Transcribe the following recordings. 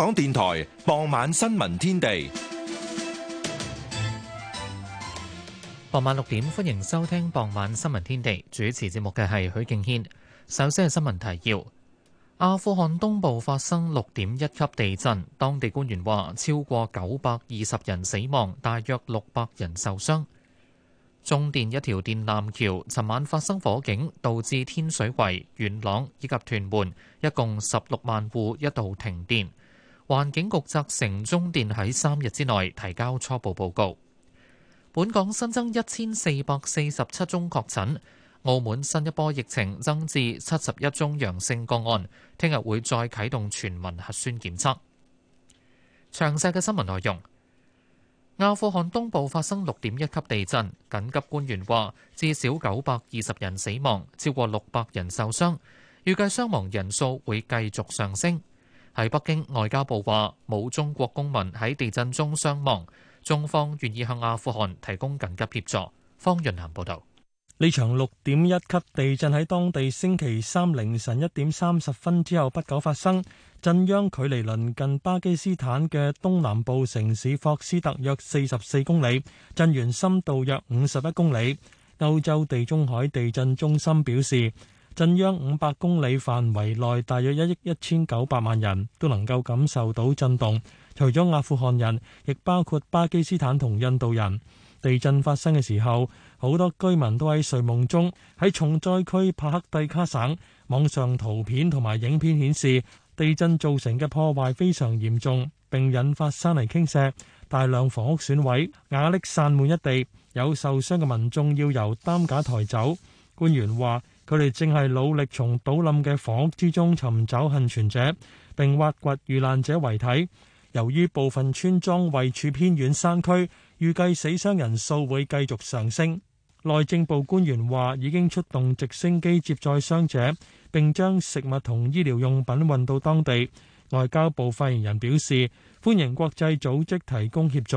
港電台傍晚新聞天地，傍晚六點，歡迎收聽傍晚新聞天地。主持節目嘅係許敬軒。首先係新聞提要：阿富汗東部發生六點一級地震，當地官員話超過九百二十人死亡，大約六百人受傷。中電一條電纜橋，尋晚發生火警，導致天水圍、元朗以及屯門一共十六萬戶一度停電。環境局責成中電喺三日之內提交初步報告。本港新增一千四百四十七宗確診，澳門新一波疫情增至七十一宗陽性個案，聽日會再啟動全民核酸檢測。詳細嘅新聞內容：阿富汗東部發生六點一級地震，緊急官員話至少九百二十人死亡，超過六百人受傷，預計傷亡人數會繼續上升。喺北京外交部話冇中國公民喺地震中傷亡，中方願意向阿富汗提供緊急協助。方潤南報導，呢場六點一級地震喺當地星期三凌晨一點三十分之後不久發生，震央距離鄰近巴基斯坦嘅東南部城市霍斯特約四十四公里，震源深度約五十一公里。歐洲地中海地震中心表示，震央五百公里範圍內，大約一億一千九百萬人都能夠感受到震動。除咗阿富汗人，亦包括巴基斯坦同印度人。地震發生嘅時候，好多居民都喺睡夢中。喺重災區帕克蒂卡省，網上圖片同埋影片顯示，地震造成嘅破壞非常嚴重，並引發山泥傾瀉，大量房屋損毀，瓦礫散滿一地。有受傷嘅民眾要由擔架抬走。官員話：佢哋正係努力從倒冧嘅房屋之中尋找幸存者，並挖掘遇難者遺體。由於部分村莊位處偏遠山區，預計死傷人數會繼續上升。內政部官員話，已經出動直升機接載傷者，並將食物同醫療用品運到當地。外交部發言人表示歡迎國際組織提供協助。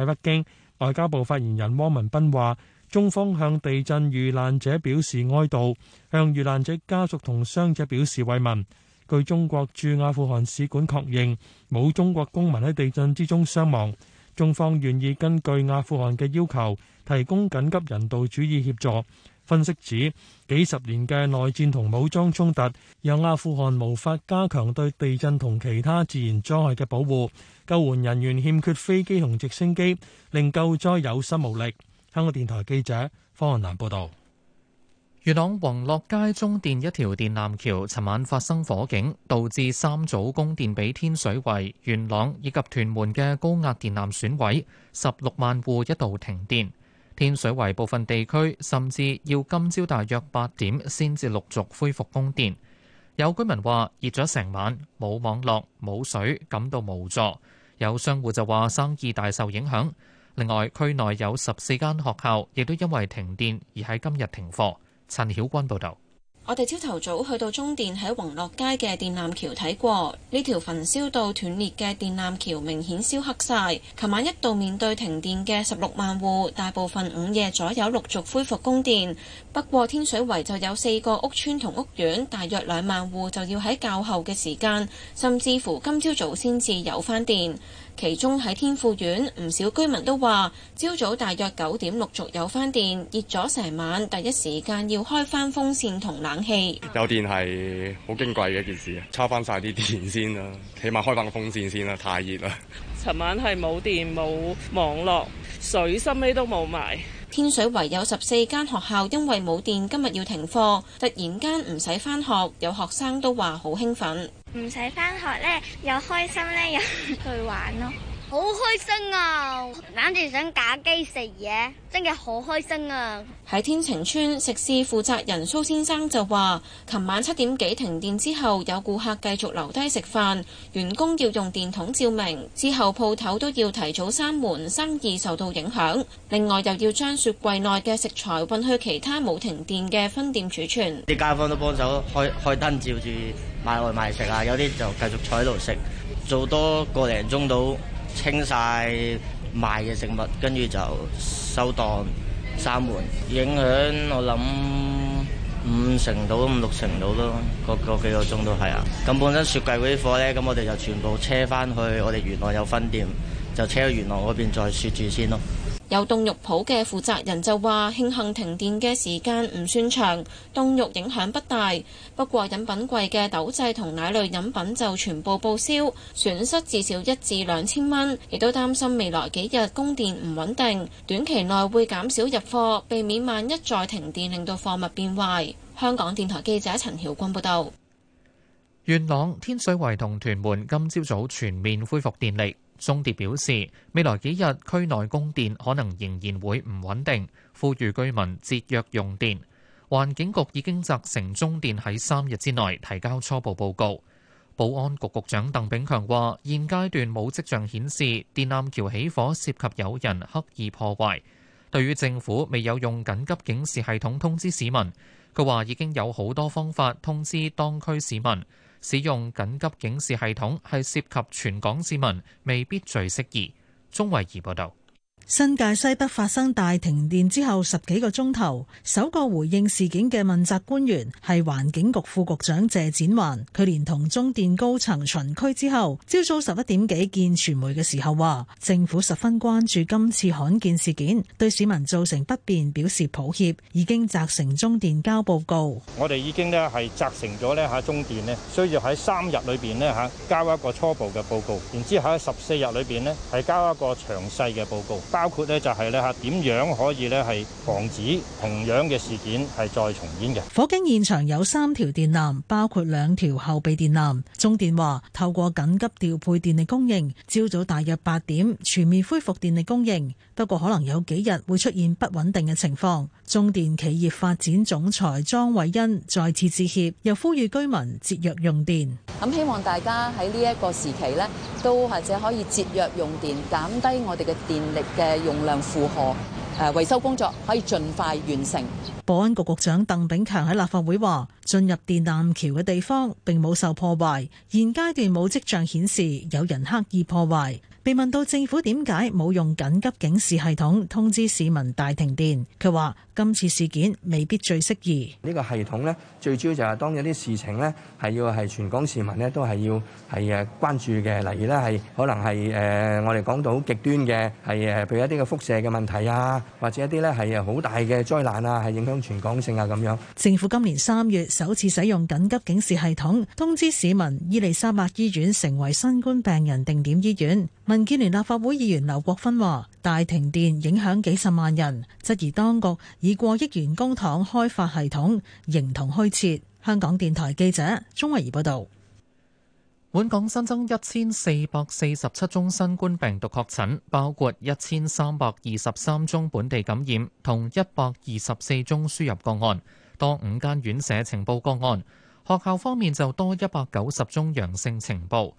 喺北京，外交部發言人汪文斌話。中方向地震遇難者表示哀悼，向遇難者家屬同傷者表示慰問。據中國駐阿富汗使館確認，冇中國公民喺地震之中傷亡。中方願意根據阿富汗嘅要求，提供緊急人道主義協助。分析指，幾十年嘅內戰同武裝衝突，讓阿富汗無法加強對地震同其他自然災害嘅保護，救援人員欠缺飛機同直升機令救災有心無力。香港電台記者方漢南報道：元朗宏樂街中電一條電纜橋，尋晚發生火警，導致三組供電俾天水圍、元朗以及屯門嘅高壓電纜損毀，十六萬戶一度停電。天水圍部分地區甚至要今朝大約八點先至陸續恢復供電。有居民話：熱咗成晚，冇網絡、冇水，感到無助。有商戶就話生意大受影響。另外，區內有十四間學校亦都因為停電而喺今日停課。陳曉君報導，我哋朝頭早去到中電喺宏樂街嘅電纜橋睇過呢條焚燒到斷裂嘅電纜橋，明顯燒黑晒。琴晚一度面對停電嘅十六萬戶，大部分午夜左右陸續恢復供電。不過天水圍就有四個屋村同屋苑，大約兩萬戶就要喺較後嘅時間，甚至乎今朝早先至有翻電。其中喺天富苑，唔少居民都話朝早大約九點陸續有返電，熱咗成晚，第一時間要開返風扇同冷氣。有電係好矜貴嘅一件事啊，插翻晒啲電先啦，起碼開翻個風扇先啦，太熱啦。尋晚係冇電冇網絡，水深尾都冇埋。天水圍有十四間學校因為冇電，今日要停課。突然間唔使返學，有學生都話好興奮，唔使返學呢，又開心呢，又去玩咯。好開心啊！諗住想打機食嘢，真嘅好開心啊！喺天晴村食肆負責人蘇先生就話，琴晚七點幾停電之後，有顧客繼續留低食飯，員工要用電筒照明，之後鋪頭都要提早閂門，生意受到影響。另外，又要將雪櫃內嘅食材運去其他冇停電嘅分店儲存。啲街坊都幫手開開燈照住買外賣食啊，有啲就繼續坐喺度食，做多個零鐘到。清晒賣嘅食物，跟住就收檔閂門。影響我諗五成到五六成到咯，個個幾個鐘都係啊。咁本身雪櫃嗰啲貨咧，咁我哋就全部車翻去我哋元朗有分店，就車去元朗嗰邊再雪住先咯。有凍肉鋪嘅負責人就話：慶幸停電嘅時間唔算長，凍肉影響不大。不過飲品櫃嘅豆製同奶類飲品就全部報銷，損失至少一至兩千蚊。亦都擔心未來幾日供電唔穩定，短期內會減少入貨，避免萬一再停電令到貨物變壞。香港電台記者陳曉君報導。元朗、天水圍同屯門今朝早全面恢復電力。中電表示，未來幾日區內供電可能仍然會唔穩定，呼籲居民節約用電。環境局已經責成中電喺三日之內提交初步報告。保安局局長鄧炳強話，現階段冇跡象顯示電纜橋起火涉及有人刻意破壞。對於政府未有用緊急警示系統通知市民，佢話已經有好多方法通知當區市民。使用緊急警示系統係涉及全港市民，未必最適宜。鐘慧儀報導。新界西北發生大停電之後十幾個鐘頭，首個回應事件嘅問責官員係環境局副局長謝展寰。佢連同中電高層巡區之後，朝早十一點幾見傳媒嘅時候話，政府十分關注今次罕見事件，對市民造成不便表示抱歉，已經責成中電交報告。我哋已經呢係責成咗呢吓中電呢，需要喺三日裏邊呢吓交一個初步嘅報告，然之後喺十四日裏邊呢係交一個詳細嘅報告。包括咧就係咧吓點樣可以咧係防止同樣嘅事件係再重演嘅。火警現場有三條電纜，包括兩條後備電纜。中電話透過緊急調配電力供應，朝早大約八點全面恢復電力供應，不過可能有幾日會出現不穩定嘅情況。中電企業發展總裁莊偉恩再次致歉，又呼籲居民節約用電，咁希望大家喺呢一個時期咧，都或者可以節約用電，減低我哋嘅電力嘅誒，容量負荷誒，維修工作可以盡快完成。保安局局長鄧炳強喺立法會話，進入電纜橋嘅地方並冇受破壞，現階段冇迹象顯示有人刻意破壞。被問到政府點解冇用緊急警示系統通知市民大停電，佢話：今次事件未必最適宜呢個系統咧，最主要就係當有啲事情咧係要係全港市民咧都係要係誒關注嘅，例如呢係可能係誒、呃、我哋講到極端嘅係誒，譬如一啲嘅輻射嘅問題啊，或者一啲咧係誒好大嘅災難啊，係影響全港性啊咁樣。政府今年三月首次使用緊急警示系統通知市民，伊利沙伯醫院成為新冠病人定點醫院。民建聯立法會議員劉國芬話：大停電影響幾十萬人，質疑當局以過億元公帑開發系統，形同虛設。香港電台記者鍾慧儀報道，本港新增一千四百四十七宗新冠病毒確診，包括一千三百二十三宗本地感染，同一百二十四宗輸入個案。多五間院社情報個案，學校方面就多一百九十宗陽性情報。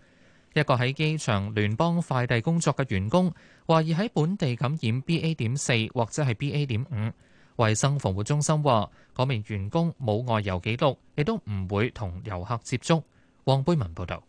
一個喺機場聯邦快遞工作嘅員工，懷疑喺本地感染 BA 點四或者係 BA 點五。衛生防護中心話，嗰名員工冇外遊記錄，亦都唔會同遊客接觸。黃貝文報道，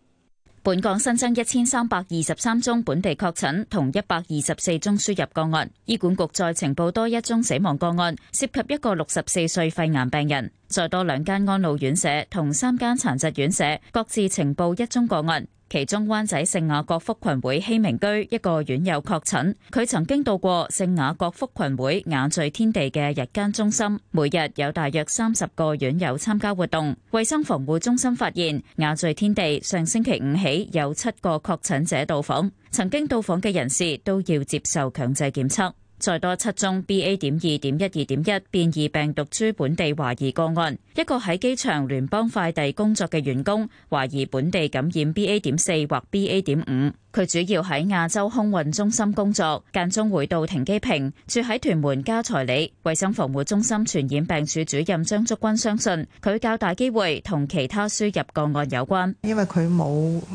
本港新增一千三百二十三宗本地確診，同一百二十四宗輸入個案。醫管局再呈報多一宗死亡個案，涉及一個六十四歲肺癌病人。再多兩間安老院舍同三間殘疾院舍，各自呈報一宗個案。其中灣仔聖雅各福群會希明居一個院友確診，佢曾經到過聖雅各福群會雅聚天地嘅日間中心，每日有大約三十個院友參加活動。衛生防護中心發現雅聚天地上星期五起有七個確診者到訪，曾經到訪嘅人士都要接受強制檢測。再多七宗 BA 點二點一二點一變異病毒株本地懷疑個案。一個喺機場聯邦快遞工作嘅員工，懷疑本地感染 BA 點四或 BA 點五。佢主要喺亞洲空運中心工作，間中回到停機坪。住喺屯門加才里。衞生防護中心傳染病處主任張竹君相信，佢較大機會同其他輸入個案有關。因為佢冇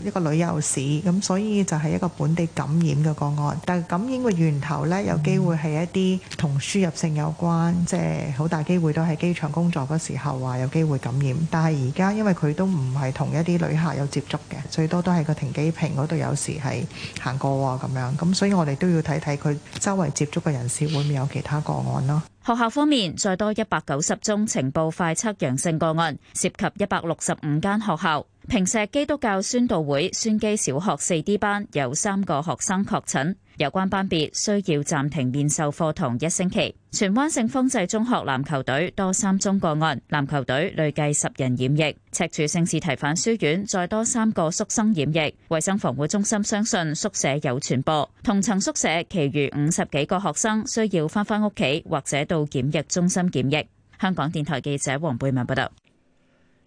一個旅遊史，咁所以就係一個本地感染嘅個案。但係感染嘅源，源頭呢，有機會係一啲同輸入性有關，即係好大機會都喺機場工作嗰時候。話有機會感染，但係而家因為佢都唔係同一啲旅客有接觸嘅，最多都喺個停機坪嗰度，有時係行過喎咁樣咁，所以我哋都要睇睇佢周圍接觸嘅人士會唔會有其他個案咯。學校方面，再多一百九十宗情報快測陽性個案，涉及一百六十五間學校。平石基督教宣道會宣基小學四 D 班有三個學生確診。有關班別需要暫停面授課堂一星期。荃灣聖芳濟中學籃球隊多三宗個案，籃球隊累計十人染疫。赤柱聖士提反書院再多三個宿生染疫，衛生防護中心相信宿舍有傳播，同層宿舍其餘五十幾個學生需要翻返屋企或者到檢疫中心檢疫。香港電台記者黃貝文報道。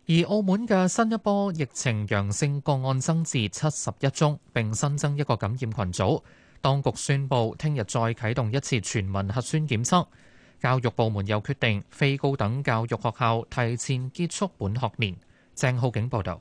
而澳門嘅新一波疫情陽性個案增至七十一宗，並新增一個感染群組。當局宣布聽日再啟動一次全民核酸檢測，教育部門又決定非高等教育學校提前結束本學年。鄭浩景報導。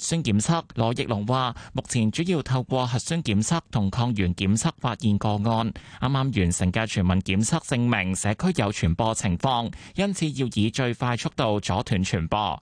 核酸檢測，羅奕龍話：目前主要透過核酸檢測同抗原檢測發現個案。啱啱完成嘅全民檢測證明社區有傳播情況，因此要以最快速度阻斷傳播。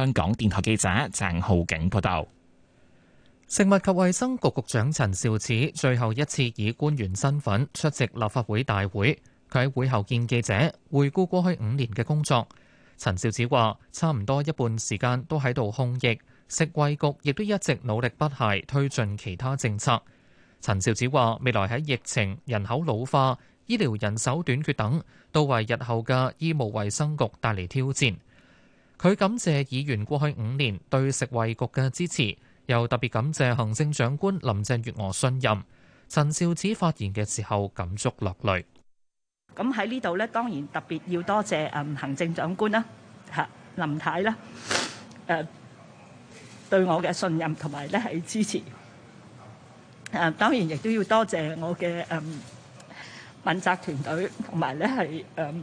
香港電臺記者鄭浩景報道，食物及衛生局局長陳肇始最後一次以官員身份出席立法會大會。佢喺會後見記者，回顧過去五年嘅工作。陳肇始話：差唔多一半時間都喺度控疫，食衛局亦都一直努力不懈推進其他政策。陳肇始話：未來喺疫情、人口老化、醫療人手短缺等，都為日後嘅醫務衛生局帶嚟挑戰。佢感謝議員過去五年對食衞局嘅支持，又特別感謝行政長官林鄭月娥信任。陳肇始發言嘅時候感觸落淚。咁喺呢度咧，當然特別要多謝嗯行政長官啦，吓林太啦，誒對我嘅信任同埋咧係支持。誒當然亦都要多謝我嘅嗯問責團隊同埋咧係誒。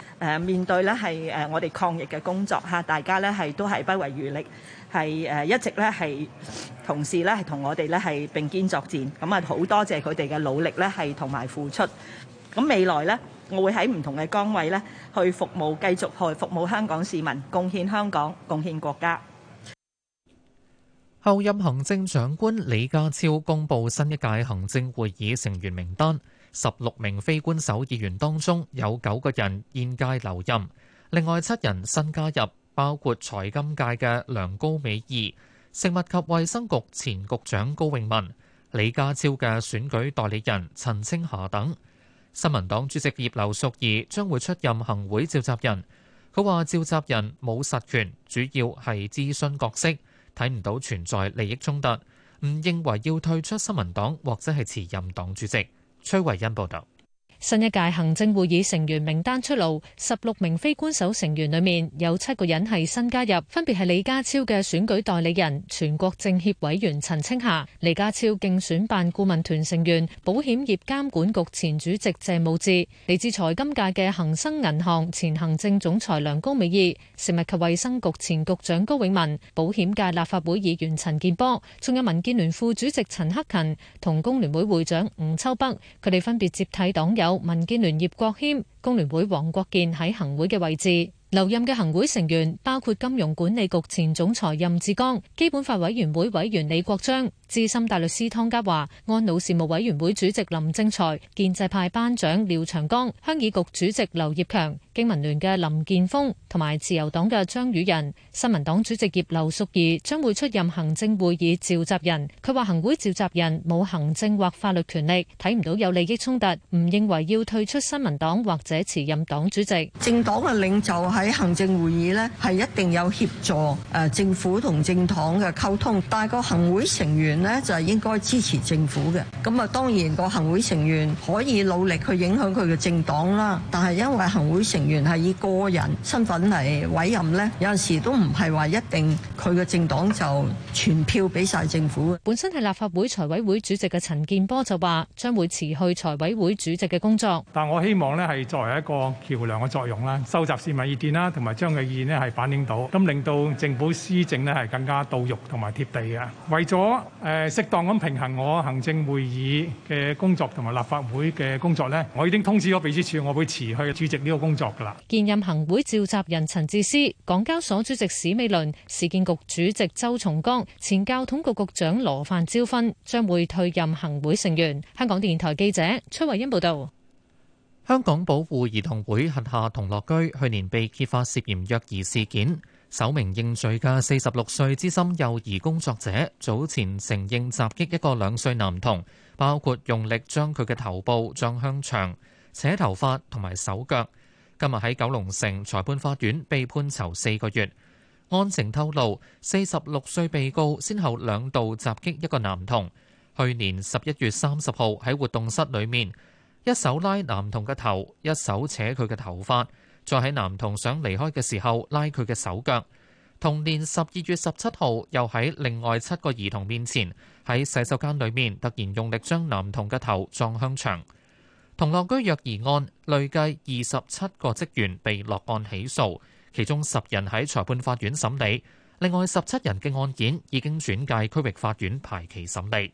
誒面對咧係誒我哋抗疫嘅工作嚇，大家咧係都係不遺餘力，係誒一直咧係同事咧係同我哋咧係並肩作戰。咁啊，好多謝佢哋嘅努力咧，係同埋付出。咁未來咧，我會喺唔同嘅崗位咧去服務，繼續去服務香港市民，貢獻香港，貢獻國家。候任行政長官李家超公布新一屆行政會議成員名單。十六名非官守議員當中有九個人現屆留任，另外七人新加入，包括財金界嘅梁高美儀、食物及衛生局前局長高永文、李家超嘅選舉代理人陳清霞等。新民黨主席葉劉淑儀將會出任行會召集人，佢話召集人冇實權，主要係諮詢角色，睇唔到存在利益衝突，唔認為要退出新民黨或者係辭任黨主席。崔慧恩報道。新一屆行政會議成員名單出爐，十六名非官守成員裏面，有七個人係新加入，分別係李家超嘅選舉代理人、全國政協委員陳清霞、李家超競選辦顧問團成員、保險業監管局前主席鄭慕智、來自財金界嘅恒生銀行前行政總裁梁高美懿、食物及衛生局前局長高永文、保險界立法會議員陳健波，仲有民建聯副主席陳克勤同工聯會會會長吳秋北，佢哋分別接替黨友。民建聯葉國謙、工聯會黃國健喺行會嘅位置。留任嘅行會成員包括金融管理局前總裁任志剛、基本法委員會委員李國章、資深大律師湯家驊、安老事務委員會主席林正財、建制派班長廖長江、鄉議局主席劉業強、經民聯嘅林建峰同埋自由黨嘅張宇人、新民黨主席葉劉淑儀將會出任行政會議召集人。佢話行會召集人冇行政或法律權力，睇唔到有利益衝突，唔認為要退出新民黨或者辭任黨主席。政黨嘅領袖係。喺行政會議咧，係一定有協助誒政府同政黨嘅溝通，但係個行會成員咧就係應該支持政府嘅。咁啊，當然個行會成員可以努力去影響佢嘅政黨啦。但係因為行會成員係以個人身份嚟委任咧，有陣時都唔係話一定佢嘅政黨就全票俾晒政府。本身係立法會財委會主席嘅陳建波就話將會辭去財委會主席嘅工作。但我希望咧係作為一個橋梁嘅作用啦，收集市民依啲。啦，同埋將嘅意見咧係反映到，咁令到政府施政咧係更加到肉同埋貼地嘅。為咗誒適當咁平衡我行政會議嘅工作同埋立法會嘅工作咧，我已經通知咗秘書處，我會辭去主席呢個工作噶啦。現任行會召集人陳智思、港交所主席史美倫、市建局主席周松崗、前教統局局長羅范椒芬將會退任行會成員。香港電台記者崔慧欣報道。香港保護兒童會轄下童樂居去年被揭發涉嫌虐兒事件，首名認罪嘅四十六歲資深幼兒工作者，早前承認襲擊一個兩歲男童，包括用力將佢嘅頭部撞向牆、扯頭髮同埋手腳。今日喺九龍城裁判法院被判囚四個月。案情透露，四十六歲被告先後兩度襲擊一個男童，去年十一月三十號喺活動室裏面。一手拉男童嘅頭，一手扯佢嘅頭髮，再喺男童想離開嘅時候拉佢嘅手腳。同年十二月十七號，又喺另外七個兒童面前，喺洗手間裏面突然用力將男童嘅頭撞向牆。同樂居虐兒案，累計二十七個職員被落案起訴，其中十人喺裁判法院審理，另外十七人嘅案件已經轉介區域法院排期審理。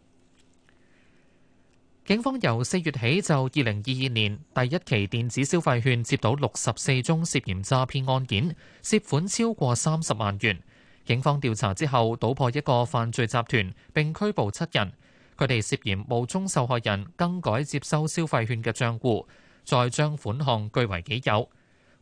警方由四月起就二零二二年第一期電子消費券接到六十四宗涉嫌詐騙案件，涉款超過三十萬元。警方調查之後，搗破一個犯罪集團並拘捕七人。佢哋涉嫌冒充受害人更改接收消費券嘅賬戶，再將款項據為己有。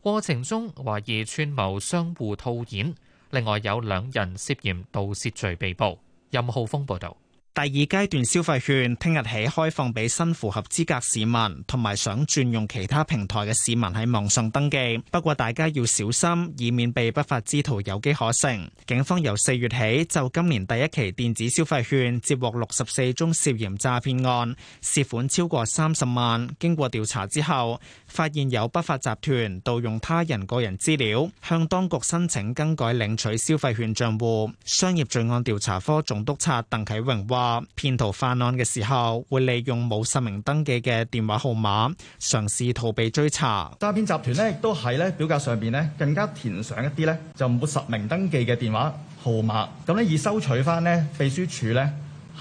過程中懷疑串謀相互套現，另外有兩人涉嫌盜竊罪被捕。任浩峰報道。第二階段消費券聽日起開放俾新符合資格市民，同埋想轉用其他平台嘅市民喺網上登記。不過大家要小心，以免被不法之徒有機可乘。警方由四月起就今年第一期電子消費券接獲六十四宗涉嫌詐騙案，涉款超過三十萬。經過調查之後，發現有不法集團盜用他人個人資料，向當局申請更改領取消費券賬戶。商業罪案調查科總督察鄧啟榮話：騙徒犯案嘅時候，會利用冇實名登記嘅電話號碼，嘗試逃避追查。詐騙集團呢亦都喺呢表格上邊呢更加填上一啲呢就冇實名登記嘅電話號碼，咁呢，以收取返呢秘書處呢。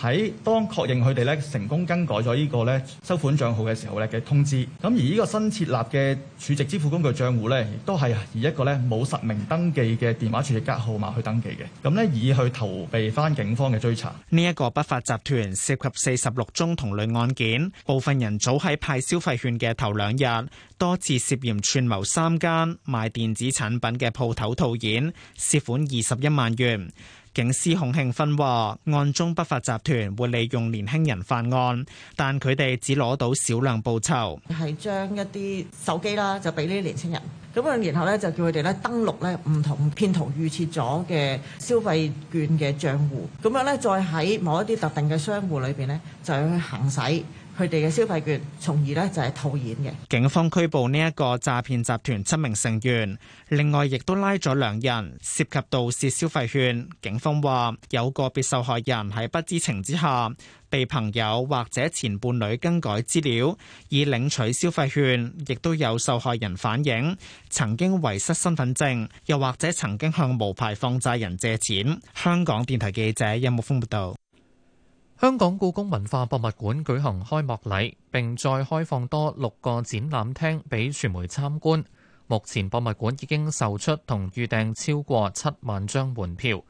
喺當確認佢哋咧成功更改咗呢個咧收款帳號嘅時候咧嘅通知，咁而呢個新設立嘅儲值支付工具賬戶咧，都係以一個咧冇實名登記嘅電話儲值卡號碼去登記嘅，咁咧以去逃避翻警方嘅追查。呢一個不法集團涉及四十六宗同類案件，部分人早喺派消費券嘅頭兩日，多次涉嫌串謀三間賣電子產品嘅鋪頭套現，涉款二十一萬元。警司洪慶分話，案中不法集團會利用年輕人犯案，但佢哋只攞到少量報酬，係將一啲手機啦，就俾呢啲年輕人，咁樣然後咧就叫佢哋咧登錄咧唔同騙徒預設咗嘅消費券嘅賬戶，咁樣咧再喺某一啲特定嘅商戶裏邊咧就去行使。佢哋嘅消費券，從而呢就係套現嘅。警方拘捕呢一個詐騙集團七名成員，另外亦都拉咗兩人涉及盜竊消費券。警方話有個別受害人喺不知情之下，被朋友或者前伴侶更改資料以領取消費券，亦都有受害人反映曾經遺失身份證，又或者曾經向無牌放債人借錢。香港電台記者任木豐報道。有香港故宮文化博物館舉行開幕禮，並再開放多六個展覽廳俾傳媒參觀。目前博物館已經售出同預訂超過七萬張門票。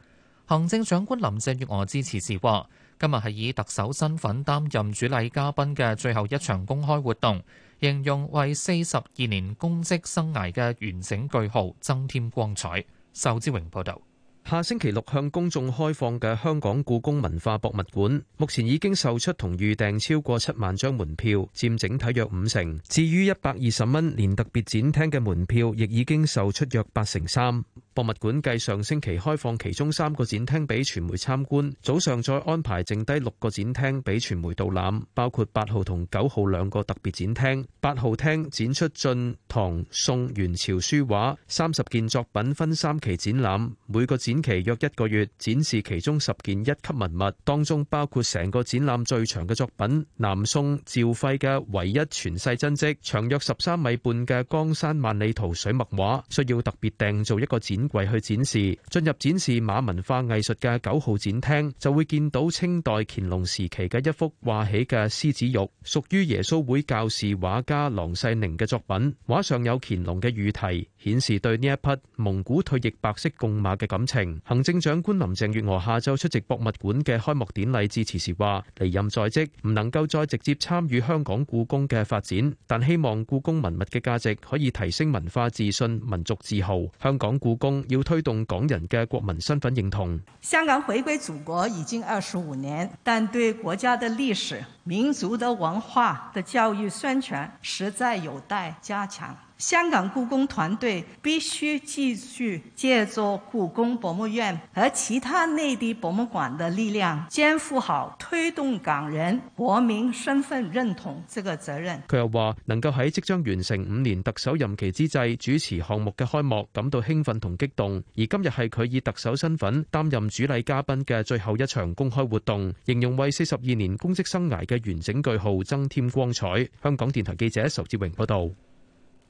行政長官林鄭月娥致辭時話：今日係以特首身份擔任主禮嘉賓嘅最後一場公開活動，形容為四十二年公職生涯嘅完整句號增添光彩。仇志榮報道。下星期六向公眾開放嘅香港故宮文化博物館，目前已經售出同預訂超過七萬張門票，佔整體約五成。至於一百二十蚊連特別展廳嘅門票，亦已經售出約八成三。博物館繼上星期開放其中三個展廳俾傳媒參觀，早上再安排剩低六個展廳俾傳媒導覽，包括八號同九號兩個特別展廳。八號廳展出晉、唐、宋、元朝書畫三十件作品，分三期展覽，每個展期約一個月，展示其中十件一級文物，當中包括成個展覽最長嘅作品南宋趙輝嘅唯一傳世真迹，長約十三米半嘅《江山萬里圖》水墨畫，需要特別訂造一個展。為去展示。進入展示馬文化藝術嘅九號展廳，就會見到清代乾隆時期嘅一幅畫起嘅獅子玉，屬於耶穌會教士畫家郎世寧嘅作品，畫上有乾隆嘅御題。顯示對呢一匹蒙古退役白色共馬嘅感情。行政長官林鄭月娥下晝出席博物館嘅開幕典禮致辭時話：離任在即唔能夠再直接參與香港故宮嘅發展，但希望故宮文物嘅價值可以提升文化自信、民族自豪。香港故宮要推動港人嘅國民身份認同。香港回歸祖國已經二十五年，但對國家嘅歷史、民族的文化嘅教育宣傳，實在有待加強。香港故宮團隊必須繼續借助故宮博物院和其他內地博物館的力量，肩負好推動港人國民身份認同這個責任。佢又話：能夠喺即將完成五年特首任期之際主持項目嘅開幕，感到興奮同激動。而今日係佢以特首身份擔任主禮嘉賓嘅最後一場公開活動，形容為四十二年公職生涯嘅完整句號增添光彩。香港電台記者仇志榮報導。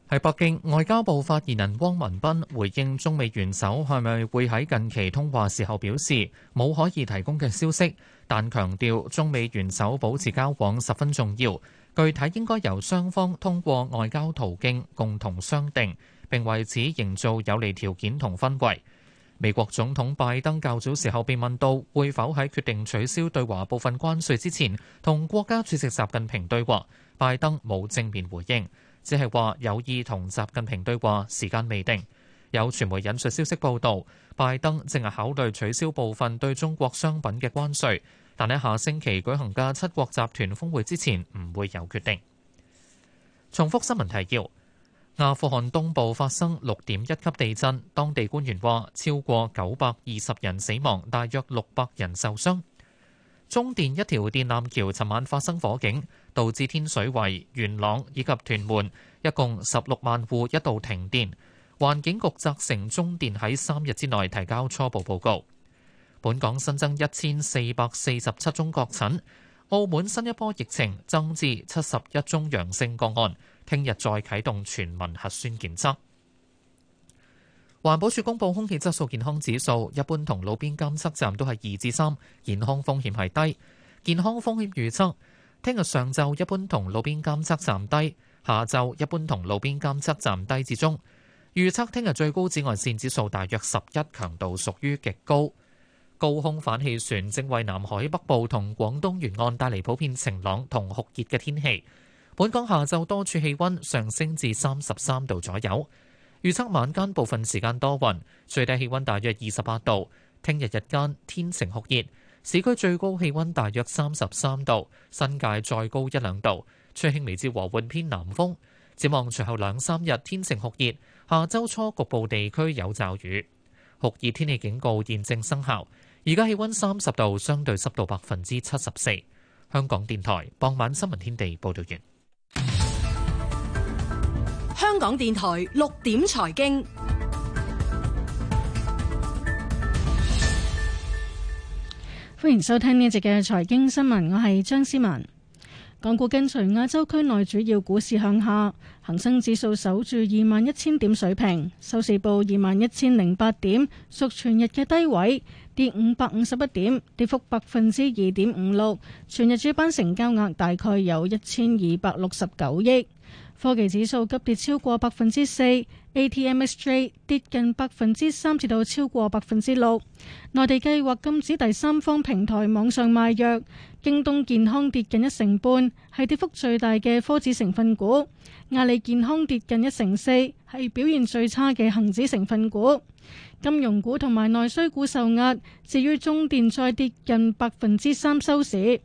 喺北京，外交部發言人汪文斌回應中美元首係咪會喺近期通話時候表示冇可以提供嘅消息，但強調中美元首保持交往十分重要，具體應該由雙方通過外交途徑共同商定，並為此營造有利條件同氛圍。美國總統拜登較早時候被問到會否喺決定取消對華部分關稅之前同國家主席習近平對話，拜登冇正面回應。只係話有意同習近平對話，時間未定。有傳媒引述消息報道，拜登正係考慮取消部分對中國商品嘅關稅，但喺下星期舉行嘅七國集團峰會之前唔會有決定。重複新聞提要：阿富汗東部發生六點一級地震，當地官員話超過九百二十人死亡，大約六百人受傷。中電一條電纜橋尋晚發生火警，導致天水圍、元朗以及屯門一共十六萬戶一度停電。環境局責成中電喺三日之內提交初步報告。本港新增一千四百四十七宗確診，澳門新一波疫情增至七十一宗陽性個案，聽日再啟動全民核酸檢測。環保署公布空氣質素健康指數，一般同路邊監測站都係二至三，健康風險係低。健康風險預測，聽日上晝一般同路邊監測站低，下晝一般同路邊監測站低至中。預測聽日最高紫外線指數大約十一，強度屬於極高。高空反氣旋正為南海北部同廣東沿岸帶嚟普遍晴朗同酷熱嘅天氣。本港下晝多處氣温上升至三十三度左右。預測晚間部分時間多雲，最低氣溫大約二十八度。聽日日間天晴酷熱，市區最高氣溫大約三十三度，新界再高一兩度。吹輕微至和緩偏南風。展望隨後兩三日天晴酷熱，下周初局部地區有驟雨。酷熱天氣警告現正生效。而家氣溫三十度，相對濕度百分之七十四。香港電台傍晚新聞天地報道完。香港電臺六點財經，歡迎收聽呢一節嘅財經新聞。我係張思文。港股跟隨亞洲區內主要股市向下，恒生指數守住二萬一千點水平，收市報二萬一千零八點，屬全日嘅低位，跌五百五十一點，跌幅百分之二點五六。全日主板成交額大概有一千二百六十九億。科技指數急跌超過百分之四，ATMSJ 跌近百分之三至到超過百分之六。內地計劃禁止第三方平台網上賣藥，京東健康跌近一成半，係跌幅最大嘅科指成分股；阿里健康跌近一成四，係表現最差嘅恒指成分股。金融股同埋內需股受壓，至於中電再跌近百分之三收市。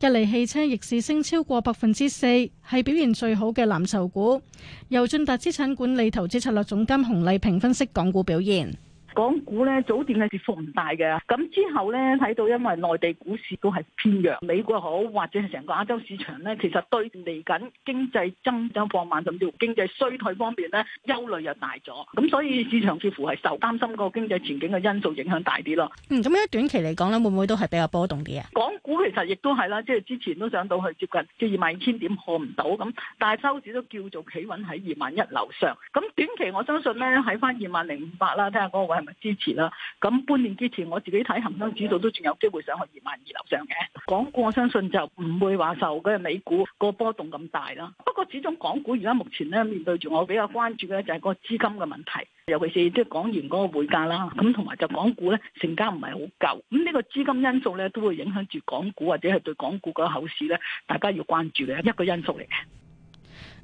吉利汽車逆市升超過百分之四，係表現最好嘅藍籌股。由駿達資產管理投資策略總監洪麗平分析港股表現。港股咧早段係跌幅唔大嘅，咁之後咧睇到因為內地股市都係偏弱，美國好或者係成個亞洲市場咧，其實對嚟緊經濟增長放慢甚至經濟衰退方面咧，憂慮又大咗，咁所以市場似乎係受擔心個經濟前景嘅因素影響大啲咯。嗯，咁喺短期嚟講咧，會唔會都係比較波動啲啊？港股其實亦都係啦，即係之前都上到去接近即二萬二千點看唔到，咁但係收市都叫做企穩喺二萬一樓上。咁短期我相信咧喺翻二萬零五百啦，睇下嗰個位。支持啦。咁半年之前我自己睇恒生指數都仲有機會上去二萬二樓上嘅。港股我相信就唔會話受個美股個波動咁大啦。不過始終港股而家目前咧面對住我比較關注嘅就係個資金嘅問題，尤其是即係港元嗰個匯價啦。咁同埋就港股咧成交唔係好夠。咁呢個資金因素咧都會影響住港股或者係對港股個口市咧，大家要關注嘅一個因素嚟嘅。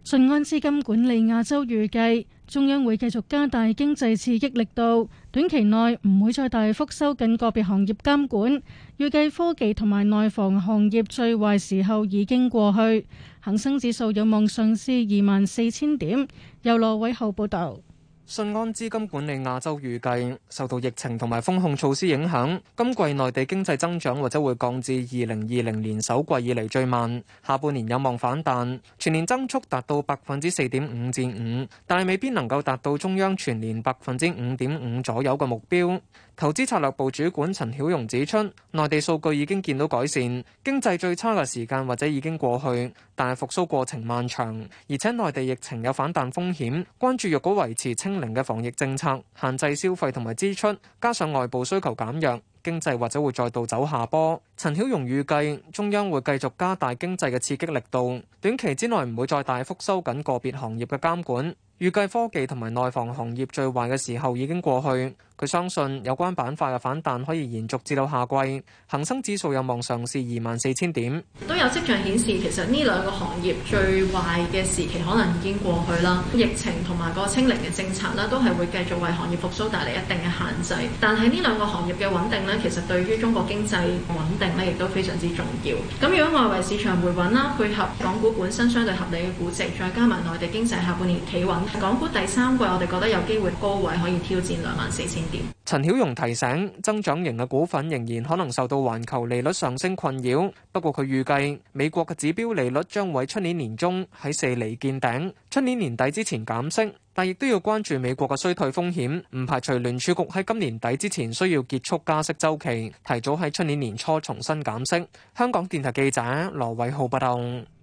信安資金管理亞洲預計中央會繼續加大經濟刺激力度，短期內唔會再大幅收緊個別行業監管。預計科技同埋內房行業最壞時候已經過去，恒生指數有望上試二萬四千點。由羅偉浩報導。信安資金管理亞洲預計受到疫情同埋封控措施影響，今季內地經濟增長或者會降至二零二零年首季以嚟最慢，下半年有望反彈，全年增速達到百分之四點五至五，但係未必能夠達到中央全年百分之五點五左右嘅目標。投資策略部主管陳曉容指出，內地數據已經見到改善，經濟最差嘅時間或者已經過去，但係復甦過程漫長，而且內地疫情有反彈風險，關注若果維持清。零嘅防疫政策限制消費同埋支出，加上外部需求減弱，經濟或者會再度走下坡。陳曉容預計，中央會繼續加大經濟嘅刺激力度，短期之內唔會再大幅收緊個別行業嘅監管。預計科技同埋內房行業最壞嘅時候已經過去。佢相信有關板塊嘅反彈可以延續至到下季，恒生指數有望上試二萬四千點。都有跡象顯示，其實呢兩個行業最壞嘅時期可能已經過去啦。疫情同埋個清零嘅政策呢，都係會繼續為行業復甦帶嚟一定嘅限制。但係呢兩個行業嘅穩定呢，其實對於中國經濟穩定呢，亦都非常之重要。咁如果外圍市場回穩啦，配合港股本身相對合理嘅估值，再加埋內地經濟下半年企穩，港股第三季我哋覺得有機會高位可以挑戰兩萬四千。陳曉容提醒，增長型嘅股份仍然可能受到環球利率上升困擾。不過佢預計，美國嘅指標利率將會喺出年年中喺四厘見頂，出年年底之前減息。但亦都要關注美國嘅衰退風險，唔排除聯儲局喺今年底之前需要結束加息周期，提早喺出年年初重新減息。香港電台記者羅偉浩報道。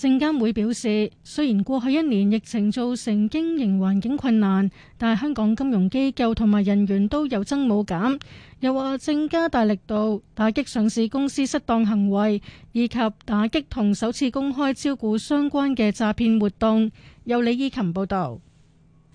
證監會表示，雖然過去一年疫情造成經營環境困難，但香港金融機構同埋人員都有增冇減。又話正加大力度打擊上市公司失當行為，以及打擊同首次公開招股相關嘅詐騙活動。由李依琴報道。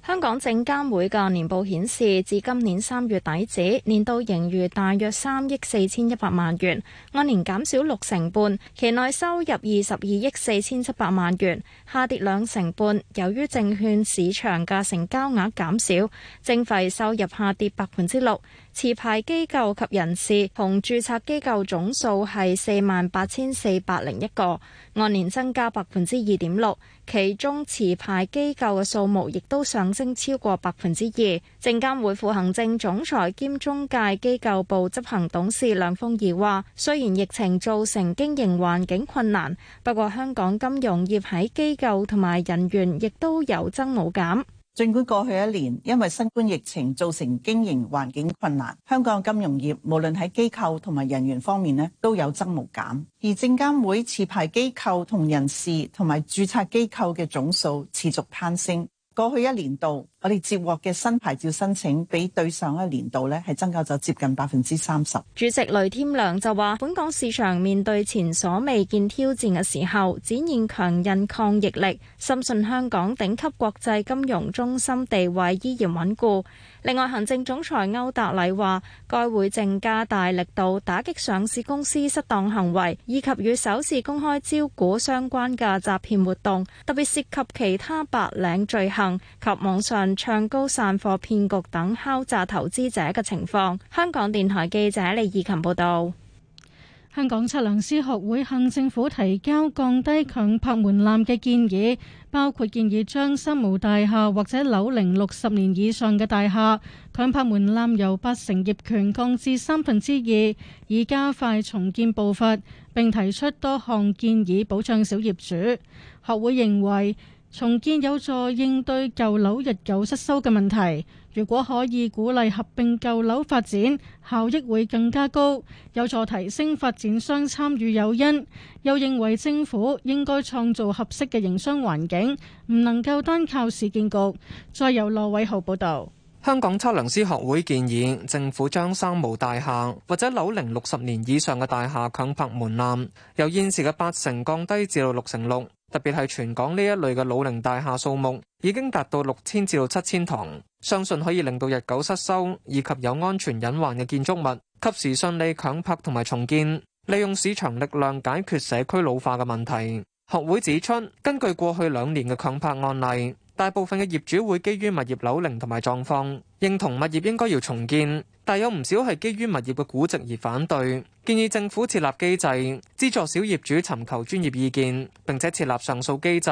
香港證監會嘅年報顯示，至今年三月底止，年度盈餘大約三億四千一百萬元，按年減少六成半；期內收入二十二億四千七百萬元，下跌兩成半。由於證券市場嘅成交額減少，徵費收入下跌百分之六。持牌機構及人士同註冊機構總數係四萬八千四百零一個，按年增加百分之二點六，其中持牌機構嘅數目亦都上升超過百分之二。證監會副行政總裁兼中介機構部執行董事梁鳳儀話：雖然疫情造成經營環境困難，不過香港金融業喺機構同埋人員亦都有增冇減。儘管過去一年因為新冠疫情造成經營環境困難，香港金融業無論喺機構同埋人員方面都有增無減，而證監會持牌機構同人士同埋註冊機構嘅總數持續攀升。過去一年度。我哋接獲嘅新牌照申請，比對上一年度呢，係增加咗接近百分之三十。主席雷添良就話，本港市場面對前所未見挑戰嘅時候，展現強韌抗逆力，深信香港頂級國際金融中心地位依然穩固。另外，行政總裁歐達禮話，該會正加大力度打擊上市公司失當行為，以及與首次公開招股相關嘅詐騙活動，特別涉及其他白領罪行及網上唱高散貨騙局等敲詐投資者嘅情況。香港電台記者李怡琴報道，香港測量師學會向政府提交降低強拍門檻嘅建議，包括建議將三無大廈或者樓齡六十年以上嘅大廈強拍門檻由八成業權降至三分之二，以加快重建步伐。並提出多項建議保障小業主。學會認為，重建有助應對舊樓日久失修嘅問題。如果可以鼓勵合併舊樓發展，效益會更加高，有助提升發展商參與誘因。又認為政府應該創造合適嘅營商環境，唔能夠單靠市建局。再由羅偉豪報道。香港測量師學會建議政府將三無大廈或者樓齡六十年以上嘅大廈強拍門檻由現時嘅八成降低至到六成六，特別係全港呢一類嘅老齡大廈數目已經達到六千至到七千棟。相信可以令到日久失修以及有安全隱患嘅建築物，及時順利強拍同埋重建，利用市場力量解決社區老化嘅問題。學會指出，根據過去兩年嘅強拍案例。大部分嘅業主會基於物業樓齡同埋狀況，認同物業應該要重建，但有唔少係基於物業嘅估值而反對，建議政府設立機制，資助小業主尋求專業意見，並且設立上訴機制，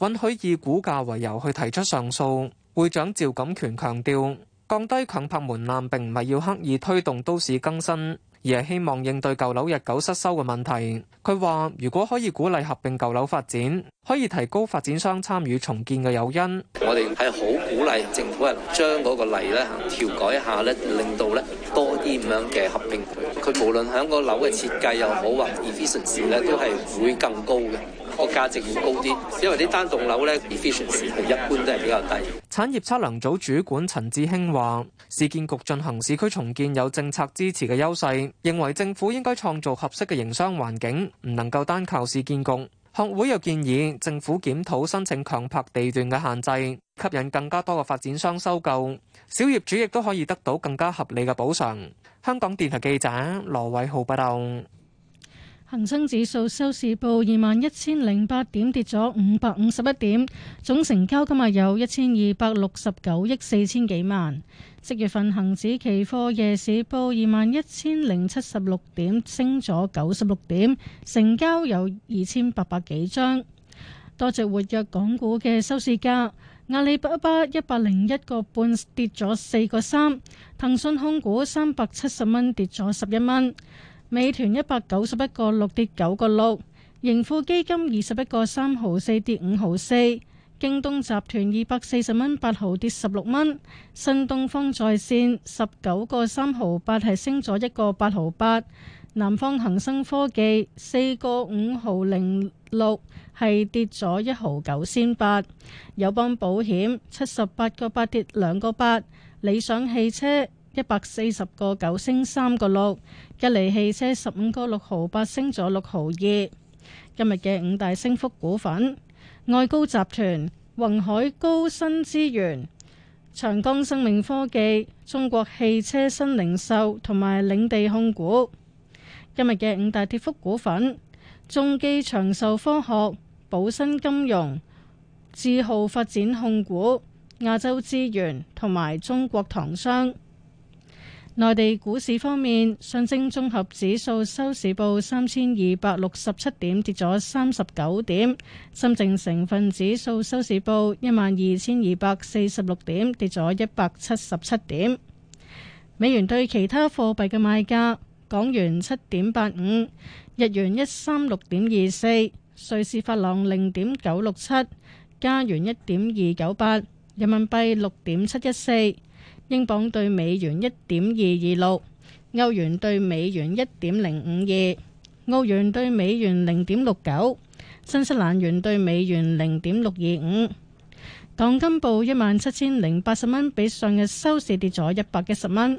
允許以股價為由去提出上訴。會長趙錦權強調，降低強拍門檻並唔係要刻意推動都市更新。而係希望應對舊樓日久失修嘅問題。佢話：如果可以鼓勵合併舊樓發展，可以提高發展商參與重建嘅誘因。我哋係好鼓勵政府係將嗰個例咧調改一下咧，令到咧多啲咁樣嘅合併佢。佢無論響個樓嘅設計又好或 efficiency 咧，都係會更高嘅。個價值要高啲，因為啲單棟樓咧 ，efficiency 係一般都係比較低。產業測量組主管陳志興話：市建局進行市區重建有政策支持嘅優勢，認為政府應該創造合適嘅營商環境，唔能夠單靠市建局。學會又建議政府檢討申請強拍地段嘅限制，吸引更加多嘅發展商收購，小業主亦都可以得到更加合理嘅補償。香港電台記者羅偉浩報道。恒生指數收市報二萬一千零八點，跌咗五百五十一點，總成交今日有一千二百六十九億四千幾萬。即月份恒指期貨夜市報二萬一千零七十六點，升咗九十六點，成交有二千八百幾張。多隻活躍港股嘅收市價，阿里巴巴一百零一個半跌咗四個三，騰訊控股三百七十蚊跌咗十一蚊。美團一百九十一個六跌九個六，盈富基金二十一個三毫四跌五毫四，京東集團二百四十蚊八毫跌十六蚊，新東方在綫十九個三毫八係升咗一個八毫八，南方恒生科技四個五毫零六係跌咗一毫九仙八，友邦保險七十八個八跌兩個八，理想汽車。一百四十個九升三個六，吉利汽車十五個六毫八升咗六毫二。今日嘅五大升幅股份：愛高集團、宏海高新資源、長江生命科技、中國汽車新零售同埋領地控股。今日嘅五大跌幅股份：中基長壽科學、寶新金融、智豪發展控股、亞洲資源同埋中國糖商。內地股市方面，上證綜合指數收市報三千二百六十七點，跌咗三十九點；深證成分指數收市報一萬二千二百四十六點，跌咗一百七十七點。美元對其他貨幣嘅賣價：港元七點八五，日元一三六點二四，瑞士法郎零點九六七，加元一點二九八，人民幣六點七一四。英鎊兌美元一點二二六，歐元兌美元一點零五二，澳元兌美元零點六九，新西蘭元兌美元零點六二五。港金報一萬七千零八十蚊，比上日收市跌咗一百一十蚊。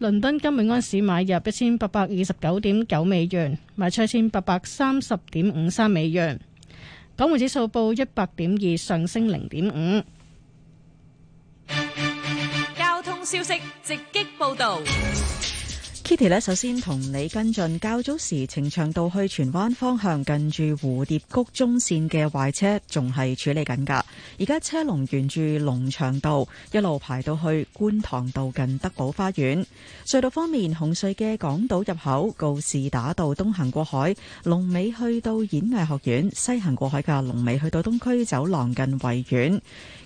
倫敦金每安士買入一千八百二十九點九美元，賣出一千八百三十點五三美元。港匯指數報一百點二，上升零點五。消息直擊報導。Kitty 咧，首先同你跟進，較早時呈祥道去荃灣方向，近住蝴蝶谷中線嘅壞車仲係處理緊噶。而家車龍沿住龍翔道一路排到去觀塘道近德寶花園。隧道方面，紅隧嘅港島入口告士打道東行過海，龍尾去到演藝學院；西行過海嘅龍尾去到東區走廊近維園。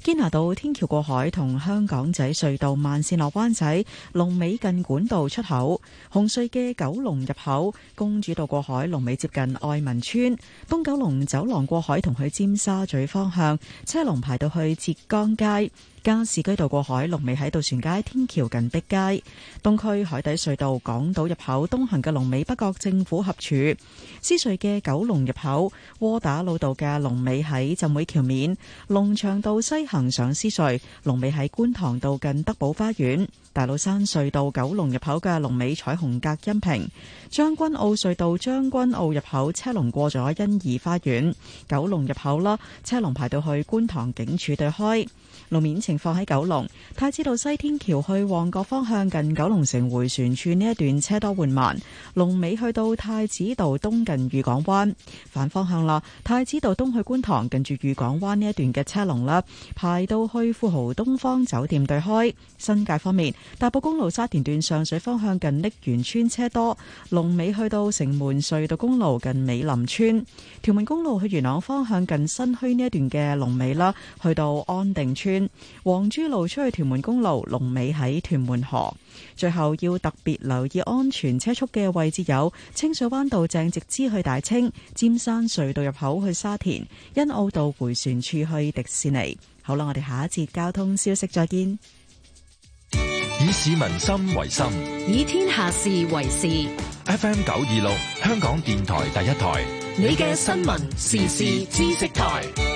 堅拿道天橋過海同香港仔隧道慢線落灣仔，龍尾近管道出口。紅隧嘅九龍入口，公主道過海，龍尾接近愛民村；東九龍走廊過海，同去尖沙咀方向，車龍排到去浙江街。加士居道過海龍尾喺渡船街天橋近碧街，東區海底隧道港島入口東行嘅龍尾北角政府合署，獅隧嘅九龍入口窩打老道嘅龍尾喺浸會橋面，龍翔道西行上獅隧龍尾喺觀塘道近德寶花園，大老山隧道九龍入口嘅龍尾彩虹隔音屏，將軍澳隧道將軍澳入口車龍過咗欣怡花園，九龍入口啦，車龍排到去觀塘警署對開，路面情。放喺九龍太子道西天橋去旺角方向，近九龍城回旋處呢一段車多緩慢。龍尾去到太子道東近御港灣，反方向啦。太子道東去觀塘，近住御港灣呢一段嘅車龍啦，排到去富豪東方酒店對開。新界方面，大埔公路沙田段上水方向近瀝源村車多，龍尾去到城門隧道公路近美林村。屯門公路去元朗方向近新墟呢一段嘅龍尾啦，去到安定村。皇珠路出去屯門公路，龍尾喺屯門河。最後要特別留意安全車速嘅位置有清水灣道鄭直枝去大清，尖山隧道入口去沙田，欣澳道回旋處去迪士尼。好啦，我哋下一節交通消息再見。以市民心為心，以天下事為事。FM 九二六，香港電台第一台，你嘅新聞時事知識台。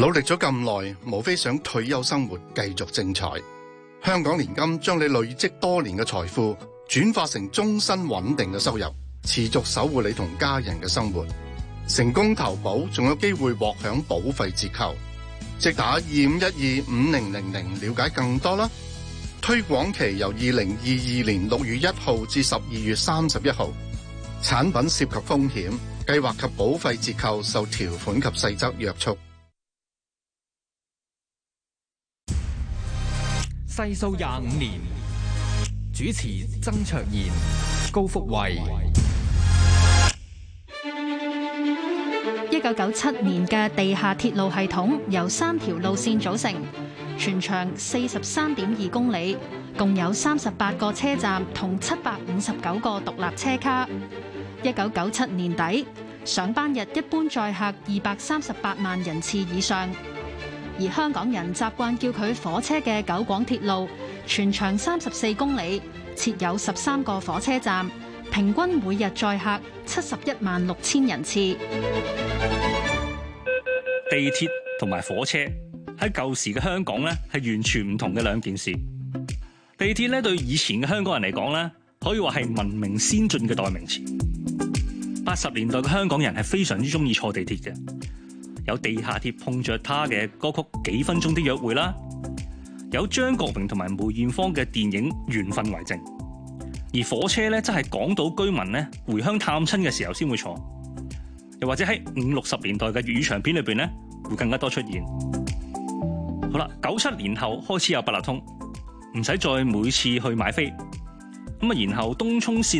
努力咗咁耐，無非想退休生活繼續精彩。香港年金將你累積多年嘅財富轉化成終身穩定嘅收入，持續守護你同家人嘅生活。成功投保仲有機會獲享保費折扣，即打二五一二五零零零，了解更多啦。推廣期由二零二二年六月一號至十二月三十一號。產品涉及風險，計劃及保費折扣受條款及細則約束。細數廿五年，主持曾卓然、高福慧。一九九七年嘅地下鐵路系統由三條路線組成，全長四十三點二公里，共有三十八個車站同七百五十九個獨立車卡。一九九七年底，上班日一般載客二百三十八萬人次以上。而香港人習慣叫佢火車嘅九廣鐵路，全長三十四公里，設有十三個火車站，平均每日載客七十一萬六千人次。地鐵同埋火車喺舊時嘅香港咧，係完全唔同嘅兩件事。地鐵咧對以前嘅香港人嚟講咧，可以話係文明先進嘅代名詞。八十年代嘅香港人係非常之鍾意坐地鐵嘅。有地下鐵碰着他嘅歌曲《幾分鐘的約會》啦，有張國榮同埋梅艷芳嘅電影《緣分為證》，而火車呢，則係港島居民呢回鄉探親嘅時候先會坐，又或者喺五六十年代嘅粵語長片裏邊呢會更加多出現。好啦，九七年後開始有八達通，唔使再每次去買飛。咁啊，然後東涌線。